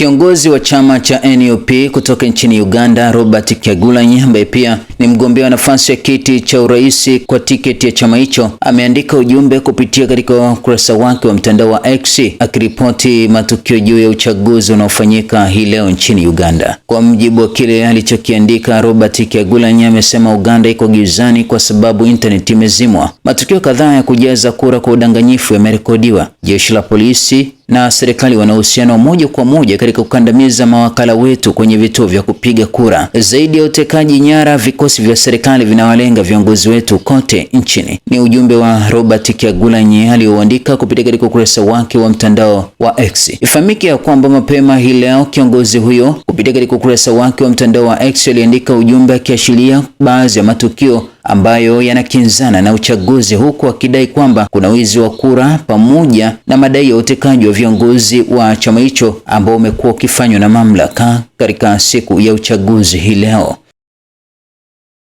Kiongozi wa chama cha NUP kutoka nchini Uganda, Robert Kyagulanyi, ambaye pia ni mgombea wa nafasi ya kiti cha urais kwa tiketi ya chama hicho, ameandika ujumbe kupitia katika ukurasa wake wa mtandao wa X akiripoti matukio juu ya uchaguzi unaofanyika hii leo nchini Uganda. Kwa mjibu wa kile alichokiandika, Robert Kyagulanyi amesema Uganda iko gizani kwa sababu intaneti imezimwa. Matukio kadhaa ya kujaza kura kwa udanganyifu yamerekodiwa. Jeshi la polisi na serikali wana uhusiano moja kwa moja katika kukandamiza mawakala wetu kwenye vituo vya kupiga kura. Zaidi ya utekaji nyara, vikosi vya serikali vinawalenga viongozi wetu kote nchini. Ni ujumbe wa Robert Kyagulanyi aliyoandika kupitia katika ukurasa wake wa mtandao wa X. Ifahamike ya kwamba mapema hii leo kiongozi huyo Kupitia katika ukurasa wake wa mtandao wa X aliandika ujumbe akiashiria baadhi ya matukio ambayo yanakinzana na uchaguzi huku akidai kwamba kuna wizi wa kura pamoja na madai ya utekaji wa viongozi wa chama hicho ambao umekuwa ukifanywa na mamlaka katika siku ya uchaguzi hii leo.